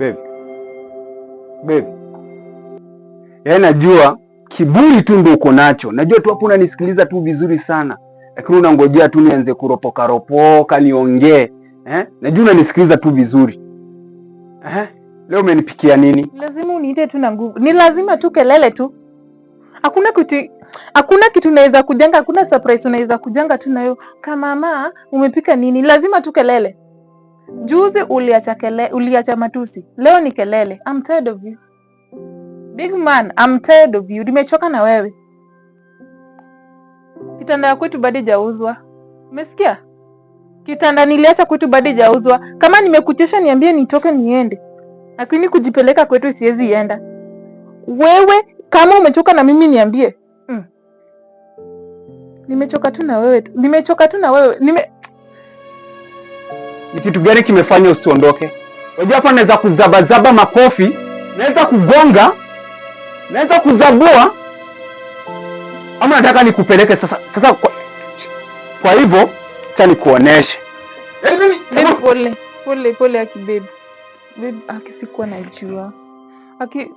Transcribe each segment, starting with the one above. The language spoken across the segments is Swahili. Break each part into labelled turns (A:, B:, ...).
A: Babe. Babe. Yaani najua kiburi tu ndio uko nacho, najua tu hapo unanisikiliza tu vizuri sana, lakini unangojea tu nianze kuropoka ropoka niongee eh? Najua unanisikiliza tu vizuri eh? Leo umenipikia nini?
B: Lazima uniite tu na nguvu, ni lazima tu kelele tu. Hakuna kitu, hakuna kitu unaweza kujenga, hakuna surprise unaweza kujenga tu nayo. Kama mama, umepika nini? Lazima tu kelele Juzi uliacha kele, uliacha matusi, leo ni kelele. I'm tired of you. Big man, I'm tired of you. Nimechoka na wewe. Kitanda ya kwetu bado jauzwa, umesikia? Kitanda niliacha kwetu bado jauzwa. Kama nimekuchesha niambie, nitoke niende, lakini kujipeleka kwetu siwezi enda. Wewe kama umechoka na mimi niambie. Mm. Nimechoka tu na wewe, nimechoka tu na wewe nime
A: ni kitu gani kimefanya usiondoke? Wajua hapa naweza kuzabazaba makofi, naweza kugonga, naweza kuzabua, ama nataka nikupeleke sasa. Sasa kwa, kwa hivyo cha nikuoneshe
B: pole pole pole, aki babe babe, aki sikuwa najua aki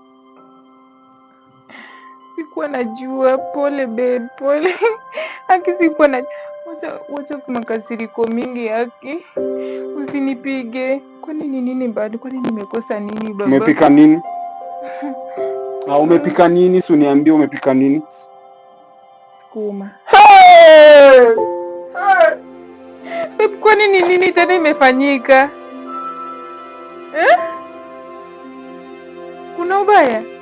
B: sikuwa najua, pole babe, pole aki sikuwa najua wacha wacha makasiriko mingi yake, usinipige. Kwani ni nini bado? Kwani nimekosa nini baba?
A: Umepika nini? Ah, umepika nini? Si uniambie umepika nini?
B: Sukuma. Hey! Hey! Kwani ni nini tena imefanyika eh? Kuna ubaya